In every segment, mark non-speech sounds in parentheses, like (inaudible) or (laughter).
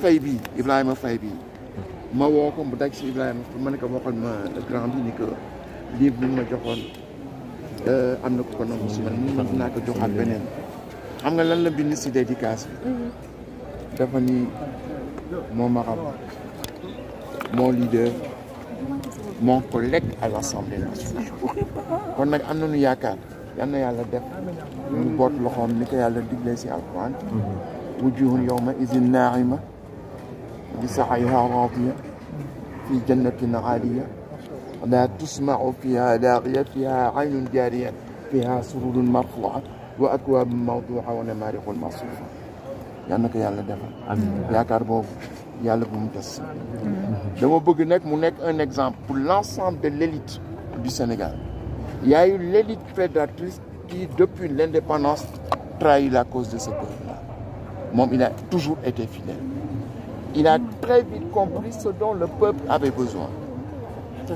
fay bi Ibrahima fay bii ma woo ko mu daj si Ibrahima ma ne ko ni que livre ma joxoon euh, am na ko ko nangu si xam nga lan la bind si dédicace bi mhm. dafa ni moo ma xam mon leader mon collègue à l'Assemblée nationale (laughs) kon nag am nañu yaakaar yal na yàlla def ñu boot loxoom ni ko yàlla digle si alxuraan mhm. wujuhun yawma izin ma لسعيها راضية في جنة عالية لا تسمع فيها لاغية فيها عين جارية فيها سرور مرفوعة وأكواب موضوعة ونمارق مصفوفة yàlla na ko yàlla defal yaakaar boobu yàlla bu mu des dama bëgg nag mu nekk un exemple pour l'ensemble de l'élite du Sénégal il y a eu l'élite prédatrice qui depuis l'indépendance trahit la cause de ce peuple-là moom il a toujours été fidèle il a très vite compris ce dont le peuple avait besoin.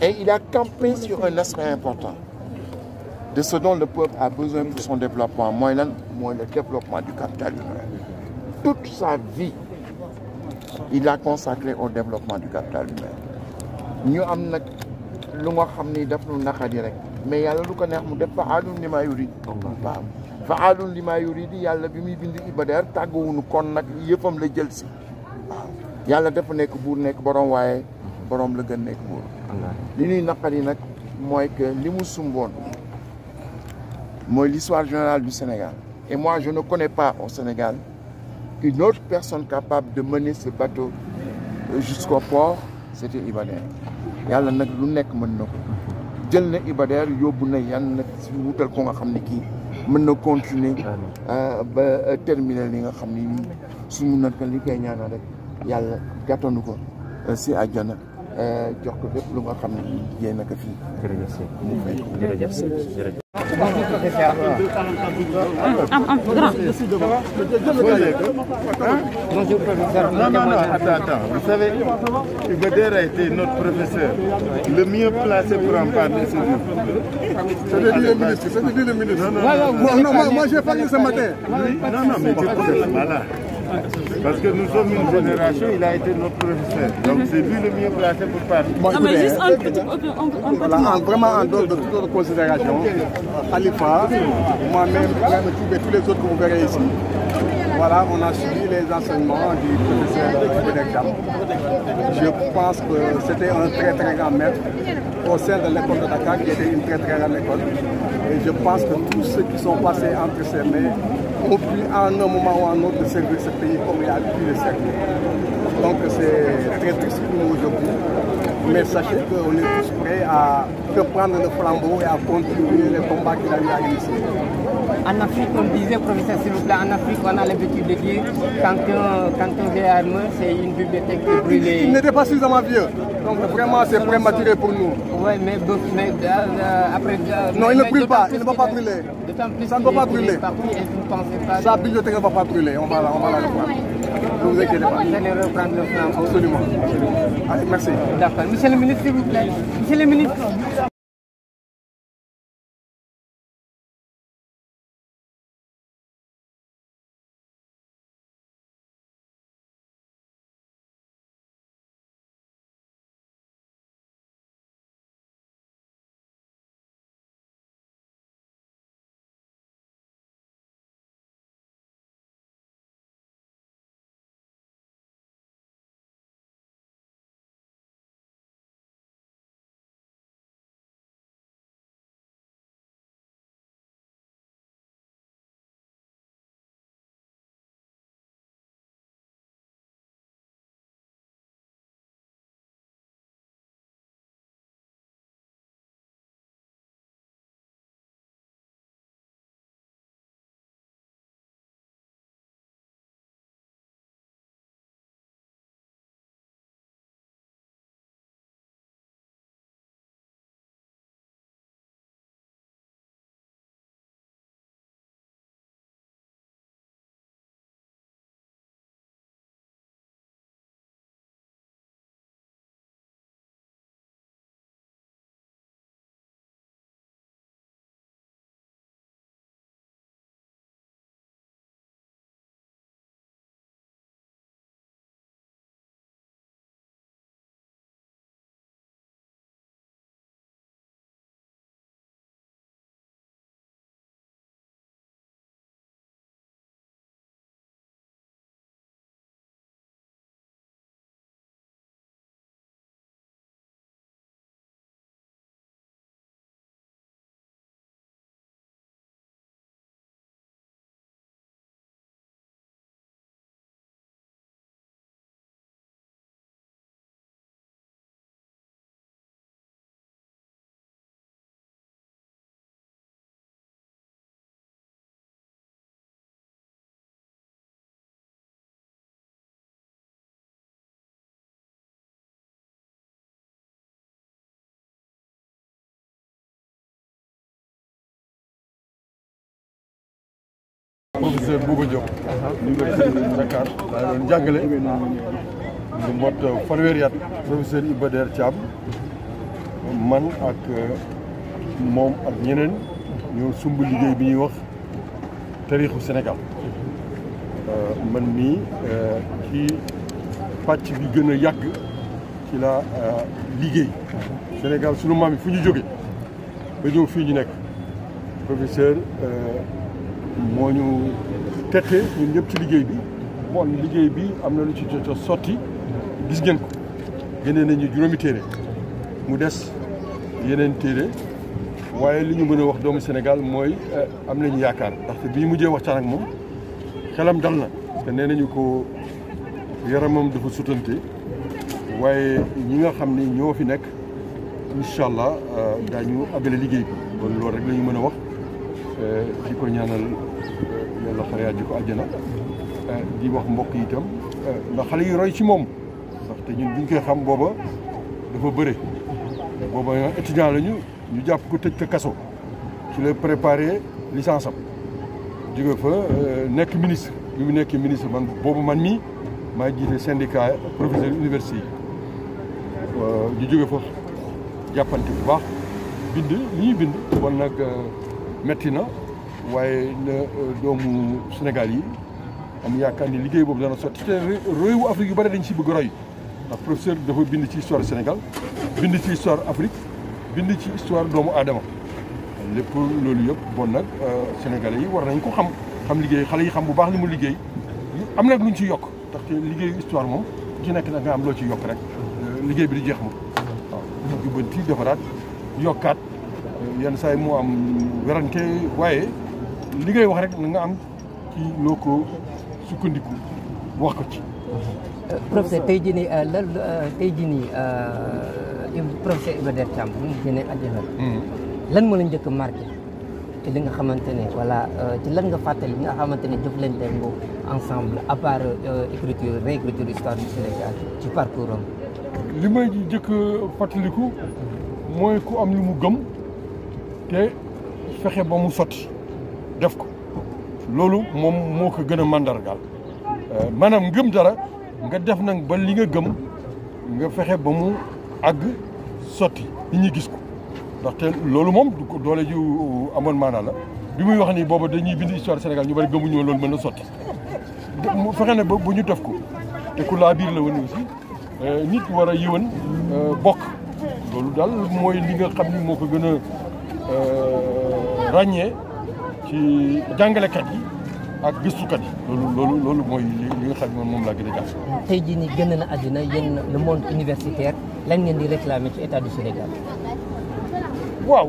Et il a campé sur un aspect important de ce dont le peuple a besoin pour son développement, moins le développement du capital humain. Toute sa vie, il l'a consacré au développement du capital humain. ñu am nag lu nga xam ni daf nu naqadi rek mais yàlla lu ko neex mu def fa alun li maa yurid waaw fa alun li di yurid yàlla bi muy bind Ibader tàgguwunu kon nag yëppam la jël si yàlla dafa nekk buur nekk borom waaye borom la gën nekk buur li ñuy naqari nag mooy que li mu sumboon mooy l'histoire générale du Sénégal et moi je ne connais pas au Sénégal une autre personne capable de mener ce bateau jusqu'au port c'était Iba Der yàlla nag lu nekk mën na jël na Iba Der yóbbu na yan nag si wutal ko nga xam ne kii mën na continuer euh, ba euh, terminer li nga xam ne nii su mun na li koy ñaanal rek yàlla gàttanu ko si àjjana jox ko lépp lu nga xam ne yéen a ko fii. jërëjëf sëñ mu fay ko jërëjëf sëñ jërëjëf. am am grand. Monsieur le professeur. Non, non, non, attends, attends. Vous savez, Ibader a été notre professeur, le mieux placé pour en parler, c'est vous. C'est le ministre, c'est le ministre. Non, non, non, moi, moi j'ai parlé ce matin. Non, non, mais tu es là. Parce que nous sommes une génération, il a été notre professeur. Donc mm -hmm. le mieux placé pour parler. Bon, non, écoutez, mais juste un euh, petit, un, un voilà, en, vraiment en dehors de toute autre considération, Alifa, moi tous les autres que vous verrez ici, on a suivi les enseignements du professeur Benekam. Je pense que c'était un très très grand maître au sein de l'école de Dakar, qui était une très très grande école. Et je pense que tous ceux qui sont passés entre ses ont pu à un moment ou en un autre servir ce pays comme il a plus de siècle. Donc c'est très triste pour nous aujourd'hui. Mais sachez qu'on est tous prêts à reprendre le flambeau et à continuer les combats qu'il a En Afrique, comme disait professeur s'il vous plaît, en Afrique, on a l'habitude de dire quand un, quand un vieillard meurt, c'est une bibliothèque qui est brûlée. Il n'était pas suffisamment vieux. Donc vraiment, c'est prématuré pour nous. Oui, mais, mais euh, euh après... Euh, non, mais, il ne brûle pas, il ne va pas brûler. Plus ça ne va pas brûler. Pas Sa bibliothèque ne va pas brûler, on va la, on va la reprendre. Ne vous inquiétez pas. Vous allez reprendre le flambeau. Absolument. Allez, merci. D'accord. Monsieur le ministre, s'il vous plaît. Monsieur le ministre. professeur Bouba Diop université Dakar daa doon jàngale lu mot euh, fanweeri at professeur Iba Der man ak euh, moom ak ñeneen ñoo sumb liggéey bi ñuy wax taarixu Sénégal euh, man mii ci pàcc bi gën a yàgg ci la liggéey Sénégal sunu maam yi fu ñu jóge ba ñëw fii ñu nekk professeur moo ñu tekkee ñun ñëpp ci liggéey bi bon liggéey bi am na lu ci jot a sotti gis ngeen ko génnee nañu juróomi téere mu des yeneen téere waaye li ñu mën a wax doomu Sénégal mooy eh, am nañu yaakaar ndaxte bi ñu mujjee ca ak moom xelam dal na parce que nee nañu ko yaramam dafa sutante waaye ñi nga xam ni ñoo fi nekk incha allah eh, daañu abale liggéey bi kon loolu rek la ñu mën a wax di ko ñaanal yàlla xareyaat ji ko àjjana eh, di wax mbokk yi itam eh, ndax xale yi roy ci moom ndaxte ñun buñ koy xam booba dafa bëre booba étudiant lañu ñu jàpp ko tëj ko kaso ci la préparé licence am jóge fa eh, nekk ministre bi mu nekkee ministre man boobu man mii maa jiite syndicat professeur université yi ñu jóge fa jàppante bu baax bind li ñuy bind kon nag metti na waaye na euh, doomu Sénégal yi am yaakaar ni liggéey boobu dana sotti te réewu Afrique yu dañ si bëgg roy ndax dafa bind ci histoire Sénégal bind ci histoire Afrique bind ci histoire doomu aadama lépp loolu yëpp bon nag euh, sénégalais yi war nañ ko xam xam liggéey xale yi xam bu baax li mu liggéey am nag luñ ci yokk ndaxte liggéey histoire moom ci nekk nag nga am loo ci yokk rek euh, liggéey bi di jeex ma waaw jubbanti defaraat yokkaat yenn saa yi moo am werante waaye li ngay wax rek na nga am ci loo ko sukkandiku wax ko ci. professeur tey jii nii euh, lan euh, tey jii nii euh, professeur Iba Der Thiam bu mu hmm. lan moo la njëkk a marqué ci li nga xamante ne ci lan nga fàttali li nga xamante ne jëf leen dem ensemble à part écriture réécriture histoire du Sénégal ci parcours am. li may njëkk fàttaliku mooy ku am lu mu gëm. te fexe ba mu sotti def ko loolu moom moo ko gën a màndargaal euh, maanaam ngëm dara nga def na ba li nga gëm nga fexe ba mu àgg sotti nit ñi gis ko ndaxte loolu moom doole ju amoon maanaa la bi muy wax ni booba dañuy bind histoire Sénégal ñu bari gëmuñoo loolu mën na sotti mu fexe ne ba bu ñu def ko te ku laa biir la woon aussi euh, nit war a yiwan euh, bokk loolu daal mooy li nga xam ni moo ko gën a Euh, ràññee ci jàngalekat yi ak gëstukat yi. loolu loolu loolu mooy li nga xam ne moom laa gën a jàpp. tey jii nii génn na àddina yéen le monde universitaire lañ ngeen di réclamer ci état du Sénégal. waaw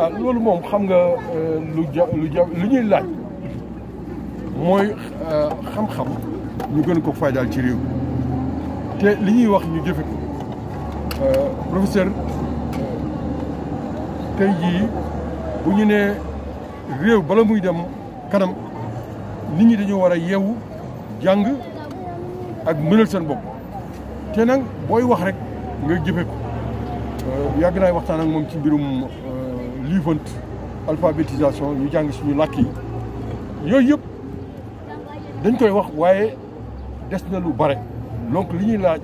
ah loolu moom xam nga euh, lu ja lu ja lu ñuy laaj mooy euh, xam-xam ñu gën ko faajaal ci réew te li ñuy wax ñu jëfe ko professeur. tey jii bu ñu ne réew bala muy dem kanam nit ñi dañoo war a yeewu jàng ak mënal seen bopp te nag booy wax rek nga jëfe ko euh, yàgg naay waxtaan ak moom ci mbirum euh, Livent alphabétisation ñu jàng suñu làkk yi yooyu yëpp dañ koy wax waaye des na lu bare donc li ñuy laaj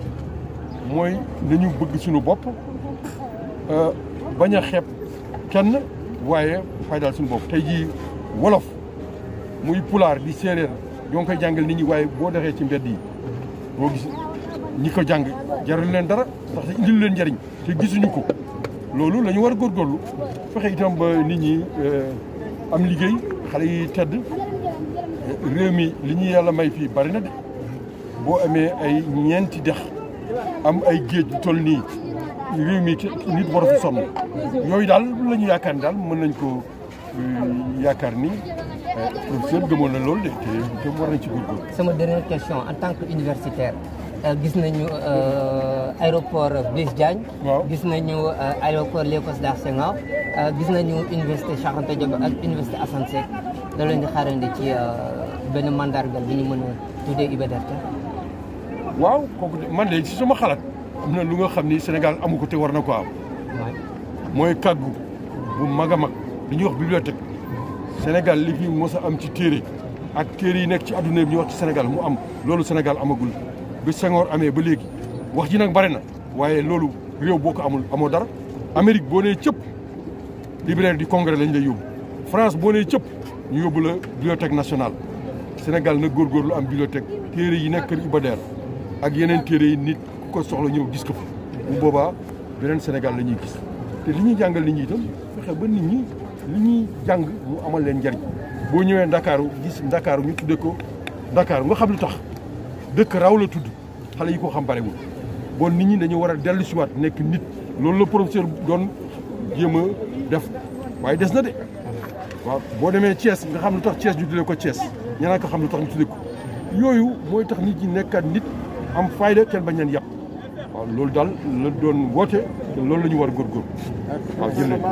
mooy nañu bëgg suñu bopp euh, bañ a xeeb kenn waaye faydal suñu bopp tey jii wolof muy pulaar di séeréer ñoo ngi koy jàngal nit ñi waaye boo doxee ci mbedd yi boo gis ñi ko jàng jarul leen dara ndax indilu leen njariñ te gisuñu ko loolu la war a góorgóorlu fexe itam ba nit ñi euh, am liggéey xale yi tedd réew mi li ñu yàlla may fii bari na boo amee ay ñeenti dex am ay géej toll nii réew mi nit waru fi yooyu daal la yaakaar ni daal mën nañ ko euh, yaakaar ni euh, professeur gëmoon na loolu de te war nañ ci góorgóorlu. sama dernière question en tant que universitaire euh, gis nañu aéroport Blaise Diagne. waaw gis nañu aéroport Léopold Sédar Senghor gis nañu université Cheikh Anta Diop ak université Assane Seck da di xaarandi ci benn mandargal bi ñu mën a tuddee Iba waaw man de si sama xalaat. am na lu nga xam ni senegal amu ko te war na ko am mooy kàggu bu mag a mag li ñuy wax bibliothèque Sénégal li fi mos a am ci téere ak téere yi nekk ci adduna bi ñuy wax ci Sénégal mu am loolu Sénégal amagul bi amee ba léegi wax ji nag bare na waaye loolu réew boo ko amul amoo dara Amérique boo nee cëpp libraire du Congrès lañ la yóbbu France boo nee cëpp ñu yóbbu la senegal nationale góor góor lu am bibliothèque téere yi nekk kër Iba ak yeneen téere yi nit ko soxla ñëw gis ko fa bu boobaa beneen Sénégal la ñuy gis te li ñuy jàngal nit ñi itam fexe ba nit ñi li ñuy jàng mu amal leen njariñ boo ñëwee Ndakaaru gis Ndakaaru ñu tuddee ko Ndakaaru nga xam lu tax dëkk raw la tudd xale yi ko xam barewul boo nit ñi dañu war a dellu siwaat nekk nit loolu la professeur doon jéem a def waaye des na de waaw boo demee Thiès nga xam lu tax Thiès ñu de ko Thiès ñeneen ko xam lu tax ñu tuddee ko yooyu mooy tax nit ñi nekkaat nit am fayda kenn bañ leen yàpp waaw loolu daal la doon woote te loolu la ñu war a góorgóorlu waaw jërëjëf